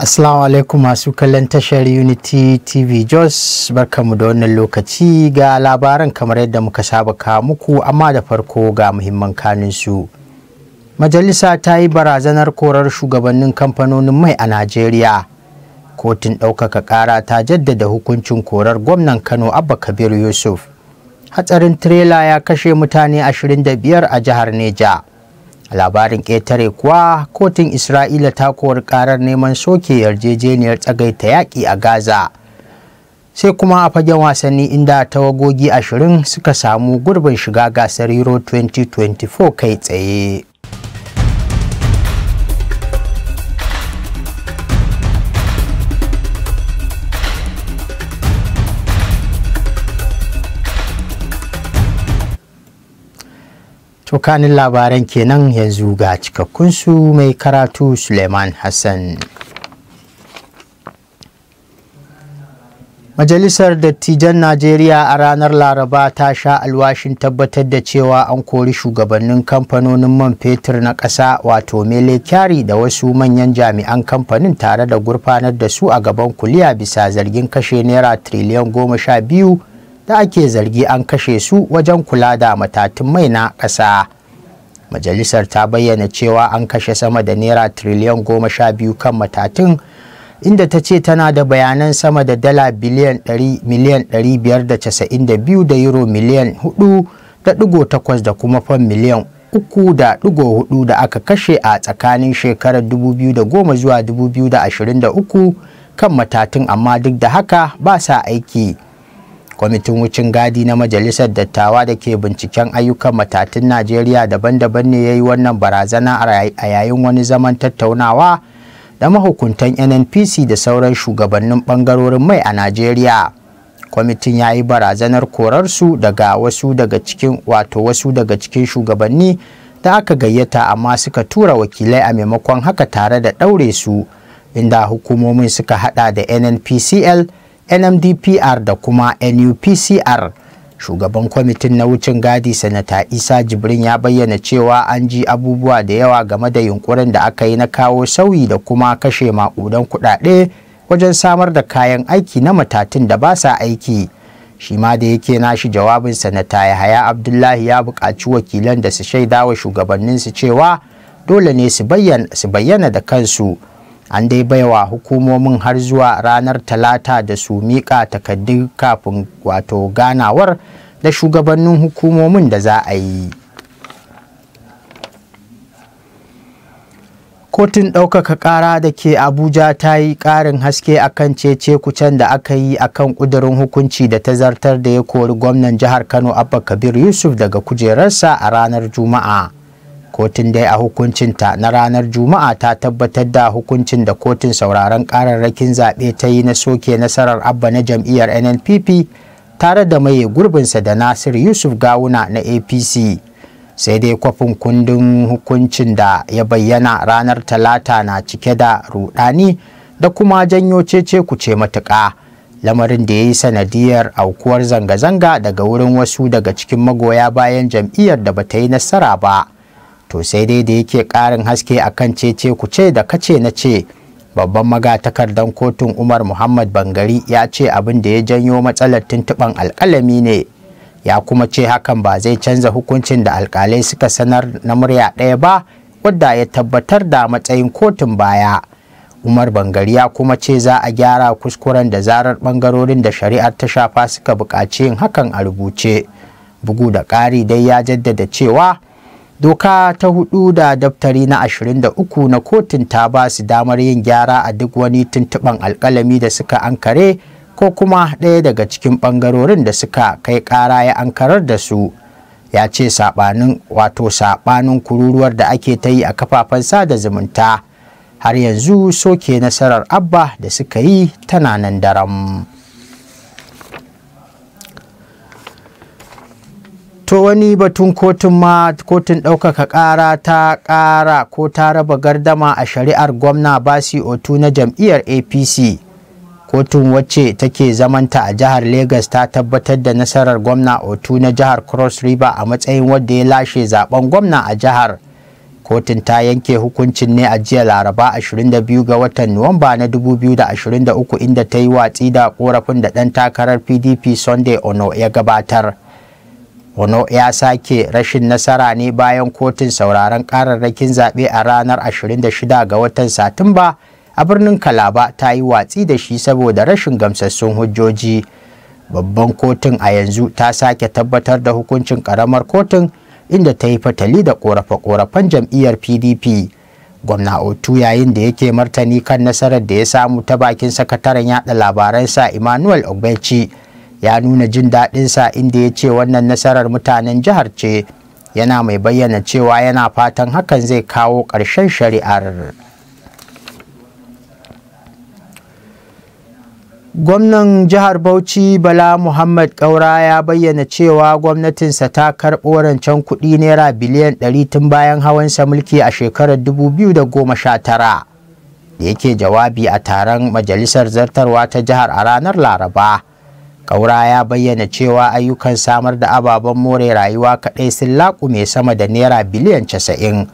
Assalamu alaikum masu kallon tashar Unity TV Jos barkamu da wannan lokaci ga labaran kamar yadda muka saba ka muku amma da farko ga muhimman kanin su. Majalisa ta yi barazanar korar shugabannin kamfanonin mai a Najeriya. Kotun ɗaukaka ƙara ta jaddada hukuncin korar gwamnan Kano Abba Kabir Yusuf. Hatsarin tirela ya kashe mutane 25 a jihar Neja. a labarin ƙetare kuwa kotun isra'ila ta kowar karar neman soke yarjejeniyar tsagaita yaƙi a gaza sai kuma a fagen wasanni inda tawagogi ashirin suka samu gurbin shiga gasar euro 2024 kai tsaye To kanin labaran kenan yanzu ga cikakkunsu mai karatu Suleiman Hassan. Majalisar Dattijan Najeriya a ranar Laraba ta sha alwashin tabbatar da cewa an kori shugabannin kamfanonin man fetur na ƙasa wato Mele Kyari da wasu manyan jami'an kamfanin tare da gurfanar da su a gaban kuliya bisa zargin kashe naira triliyan goma sha biyu da ake zargi an kashe su wajen kula da matatun mai na ƙasa majalisar ta bayyana cewa an kashe sama da naira triliyan goma sha biyu kan matatun inda ta ce tana da bayanan sama da dala biliyan ɗari miliyan ɗari biyar da casa'in da da biyu euro miliyan hudu da ɗigo takwas da kuma fan miliyan uku da ɗigo da aka kashe a tsakanin shekarar dubu biyu da goma zuwa dubu biyu da da ashirin uku kan matatun amma duk da haka ba sa aiki. kwamitin wucin gadi na majalisar dattawa da ke binciken ayyukan matatun najeriya daban-daban ne ya yi wannan barazana a yayin wani zaman tattaunawa da mahukuntan nnpc da sauran shugabannin bangarorin mai a najeriya kwamitin ya yi barazanar korarsu daga wasu daga cikin wato wasu daga cikin shugabanni da aka gayyata amma suka tura wakilai a maimakon haka tare da ɗaure su inda hukumomin suka hada da nnpcl nmdpr da kuma nupcr shugaban kwamitin na wucin gadi sanata isa jibrin ya bayyana cewa an ji abubuwa da yawa game da yunkurin da aka yi na kawo sauyi da kuma kashe maƙudan kuɗaɗe wajen samar da kayan aiki na matatun da ba sa aiki shi ma da yake nashi jawabin sanata yahaya abdullahi ya buƙaci wakilan da su shaidawa shugabanninsu cewa dole ne su bayyana da kansu an dai baiwa hukumomin har zuwa ranar talata da su miƙa takaddu kafin wato ganawar da shugabannin hukumomin da za a yi kotun ɗaukaka ƙara da ke abuja ta yi ƙarin haske akan cece kucen da aka yi akan ƙudurin hukunci da ta zartar da ya kori gwamnan jihar kano abba kabir yusuf daga kujerarsa a ranar juma'a kotun dai a hukuncinta na ranar juma'a ta tabbatar da hukuncin da kotun sauraron kararrakin zaɓe ta yi na soke nasarar abba na jam'iyyar nnpp tare da mai gurbinsa da nasir yusuf gawuna na apc sai dai kwafin kundin hukuncin da ya bayyana ranar talata na cike da rudani da kuma janyo cece kuce matuƙa lamarin da ya yi sanadiyar aukuwar zanga-zanga daga wurin wasu daga cikin magoya bayan jam'iyyar da ba ta yi nasara ba. to sai dai da yake ƙarin haske a akan cece ku ce da kace na ce babban magatakardan kotun umar muhammad bangari ya ce abin da ya janyo matsalar tuntuban alkalami ne ya kuma ce hakan ba zai canza hukuncin da alkalai suka sanar na murya ɗaya ba wadda ya tabbatar da matsayin kotun baya umar bangari ya kuma ce za a gyara kuskuren da zarar ɓangarorin da shari'ar ta shafa suka buƙaci yin hakan a rubuce bugu da ƙari dai ya jaddada cewa doka ta hudu da daftari na 23 na kotun ta ba su damar yin gyara a duk wani tuntuɓan alkalami da suka ankare ko kuma ɗaya daga cikin ɓangarorin da suka kai ƙara ya ankarar da su ya ce saɓanin wato sabanin kururuwar da ake ta yi a kafafen sada zumunta har yanzu soke nasarar abba da suka yi tana nan daram. to wani batun kotun ma kotun ɗaukaka ƙara ta ƙara ko ta raba gardama a shari'ar gwamna basi otu na jam'iyyar apc kotun wacce take zamanta a jihar Legas ta tabbatar da nasarar gwamna otu na jihar cross river a matsayin wadda ya lashe zaben gwamna a jihar kotun ta yanke hukuncin ne a jiya laraba 22 ga watan nuwamba na 2023 inda ta yi watsi da korafin da ɗan takarar pdp sunday ono ya gabatar wano ya sake rashin nasara ne bayan kotun sauraron kararrakin zaɓe a ranar 26 ga watan satumba a birnin kalaba ta yi watsi da shi saboda rashin gamsassun hujjoji babban kotun a yanzu ta sake tabbatar da hukuncin karamar kotun inda ta yi fatali da korafe-korafen jam'iyyar pdp gwamna otu yayin da yake martani kan nasarar da ya samu ta bakin sakataren yada labaransa emmanuel ogbechi ya nuna jin daɗinsa inda ya ce wannan nasarar mutanen jihar ce yana mai bayyana cewa yana fatan hakan zai kawo ƙarshen shari'ar gwamnan jihar bauchi bala muhammad kaura ya bayyana cewa gwamnatinsa ta karɓo rancen kuɗi naira biliyan 100 tun bayan hawansa mulki a shekarar 2019 da yake jawabi a taron majalisar zartarwa ta jihar a ranar laraba Kaura ya bayyana cewa ayyukan samar da ababen more rayuwa kaɗai sun laƙume sama da naira biliyan casa'in.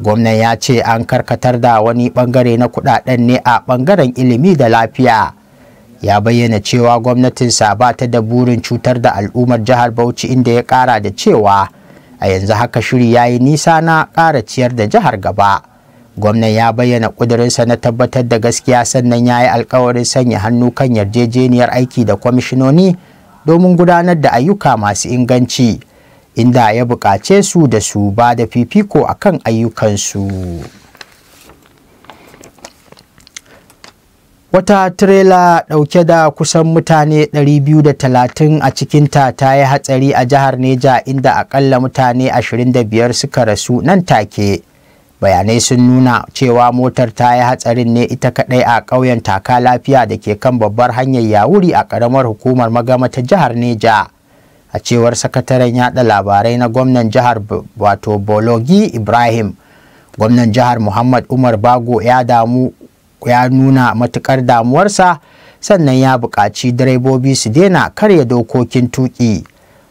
Gwamnan ya ce an karkatar da wani ɓangare na kuɗaɗen ne a ɓangaren ilimi da lafiya. Ya bayyana cewa gwamnatinsa ba ta da burin cutar da al'ummar jihar Bauchi inda ya ƙara da cewa a yanzu haka shiri ya yi nisa na ƙara ciyar da jihar gaba. gwamnan ya bayyana ƙudurinsa na tabbatar da gaskiya sannan ya yi alkawarin sanya hannu kan yarjejeniyar aiki da kwamishinoni domin gudanar da ayyuka masu inganci inda ya buƙace su da su ba da fifiko a kan ayyukansu wata tirela ɗauke da kusan mutane 230 a cikinta ta yi hatsari a jihar neja inda akalla mutane 25 suka rasu nan take bayanai sun nuna cewa motar ta yi hatsarin ne ita kadai a ƙauyen taka lafiya da ke kan babbar hanyar yawuri a ƙaramar hukumar magama ta jihar neja a cewar sakataren yada labarai na gwamnan jihar wato bologi ibrahim gwamnan jihar muhammad umar bago ya damu ya nuna matukar damuwarsa sannan ya buƙaci direbobi su daina karya dokokin tuƙi.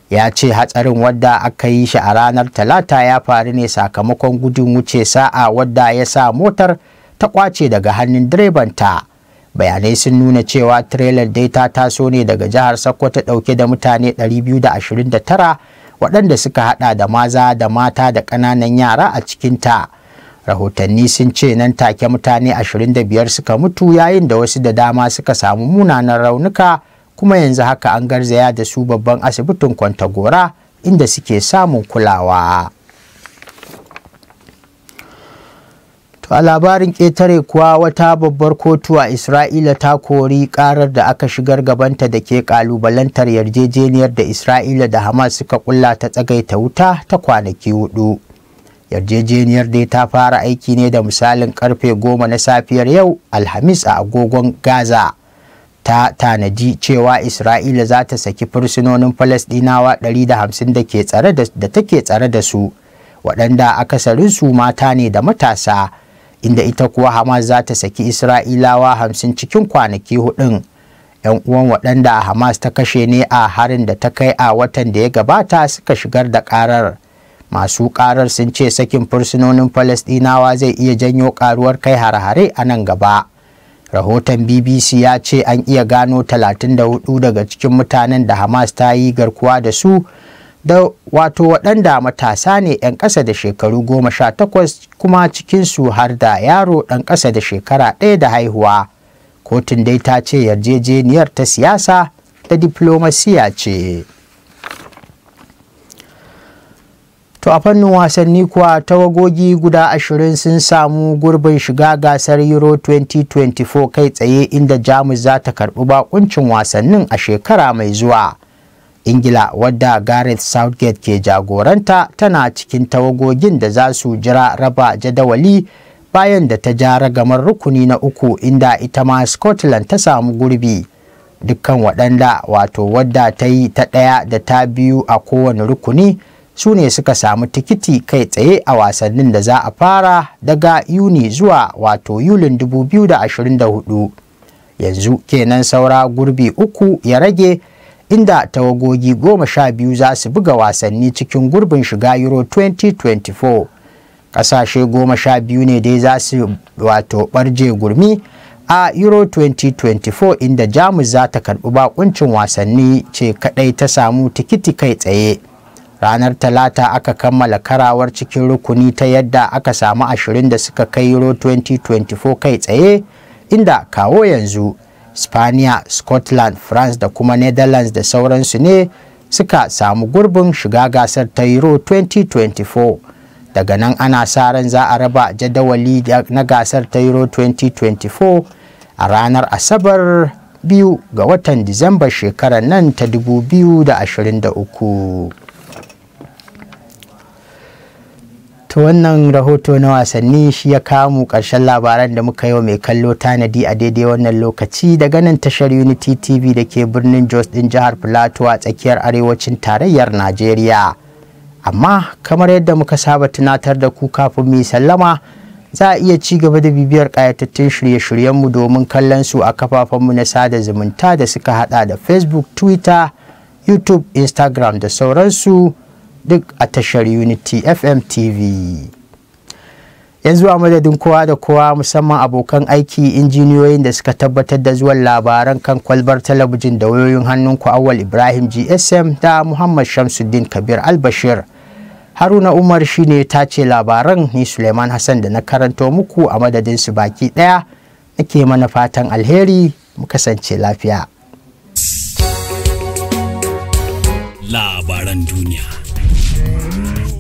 ya ce hatsarin wadda aka yi shi a ranar talata ya faru ne sakamakon gudun wuce sa'a wadda ya sa motar ta kwace daga hannun direbanta bayanai sun nuna cewa trailer dai ta taso ne daga jihar sokoto dauke da mutane 229 waɗanda suka hada da maza da mata da ƙananan yara a cikinta rahotanni sun ce nan take mutane 25 suka mutu yayin da wasu da dama suka samu munanan raunuka kuma yanzu haka an garzaya da su babban asibitin kwantagora inda suke samun kulawa to a labarin ƙetare kuwa wata babbar kotu a isra'ila ta kori ƙarar da aka shigar gabanta da ke ƙalubalantar yarjejeniyar da isra'ila da hamas suka kulla ta tsagaita wuta ta kwanaki hudu yarjejeniyar dai ta fara aiki ne da misalin karfe goma na safiyar yau alhamis a agogon gaza ta tanadi cewa Isra'ila za ta saki fursunonin Falasɗinawa 150 da ke tsare da take tsare da su waɗanda akasarin su mata ne da matasa inda ita kuwa Hamas za ta saki Isra'ilawa 50 cikin kwanaki hudun. 'yan uwan waɗanda Hamas ta kashe ne a harin da ta kai a watan da ya gabata suka shigar da ƙarar. Masu ƙarar sun ce sakin fursunonin Falasɗinawa zai iya janyo ƙaruwar kai hare-hare a nan gaba. rahoton bbc ya ce an iya gano 34 daga cikin mutanen da hamas ta yi garkuwa da su da wato waɗanda matasa ne 'yan ƙasa da shekaru goma sha takwas kuma cikinsu har da yaro ɗan ƙasa da shekara ɗaya da haihuwa kotun dai ta ce yarjejeniyar ta siyasa da diplomasiya ce to a fannin wasanni kuwa tawagogi guda ashirin sun samu gurbin shiga gasar euro 2024 kai tsaye inda jamus za ta karbi bakuncin wasannin a shekara mai zuwa ingila wadda gareth southgate ke jagoranta tana cikin tawagogin da za su jira raba jadawali bayan da ta ja ragamar rukuni na uku inda ita ma scotland ta samu gurbi dukkan waɗanda wato wadda ta yi ta ɗaya da ta biyu a kowane rukuni su ne suka samu tikiti kai tsaye a wasannin da za a fara daga yuni zuwa wato yulin 2024 yanzu kenan saura gurbi uku ya rage inda tawagogi goma sha biyu za su buga wasanni cikin gurbin shiga euro 2024 ƙasashe goma sha biyu ne dai za su wato ɓarje gurmi a euro 2024 inda jamus za ta karɓi bakuncin wasanni ce kaɗai ta samu tikiti kai tsaye ranar talata aka kammala karawar cikin rukuni ta yadda aka samu ashirin da suka kai euro 2024 kai tsaye inda kawo yanzu spaniya scotland france da kuma netherlands da sauransu ne suka samu gurbin shiga gasar ta euro 2024 daga nan ana sa ran za a raba jadawali na gasar ta euro 2024 a ranar asabar biyu ga watan disamba shekarar nan ta 2023 to wannan rahoto na wasanni shi ya kamu ƙarshen labaran da muka yi wa mai kallo tanadi a daidai wannan lokaci daga nan tashar unity tv da ke birnin jos din jihar plateau a tsakiyar arewacin tarayyar najeriya amma kamar yadda muka saba tunatar da ku kafin mu sallama za a iya ci gaba da bibiyar ƙayatattun shirye-shiryenmu domin kallon su a kafafenmu na sada zumunta da suka hada da facebook twitter youtube instagram da sauransu duk a tashar unity fm tv yanzu a madadin kowa da kowa musamman abokan aiki injiniyoyin da suka tabbatar da zuwan labaran kan kwalbar talabijin da wayoyin hannunku awal ibrahim gsm da muhammad shamsuddin kabir albashir haruna umar shine ta ce labaran ni suleiman hassan da na karanto muku a madadin su baki daya nake mana fatan alheri mu kasance lafiya labaran duniya